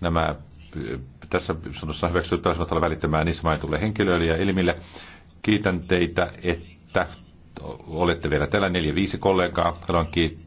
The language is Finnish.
nämä tässä sanossa hyväksytyt pääsemättä välittämään niissä mainitulle henkilöille ja elimille. Kiitän teitä, että olette vielä täällä neljä viisi kollegaa. Haluan kiittää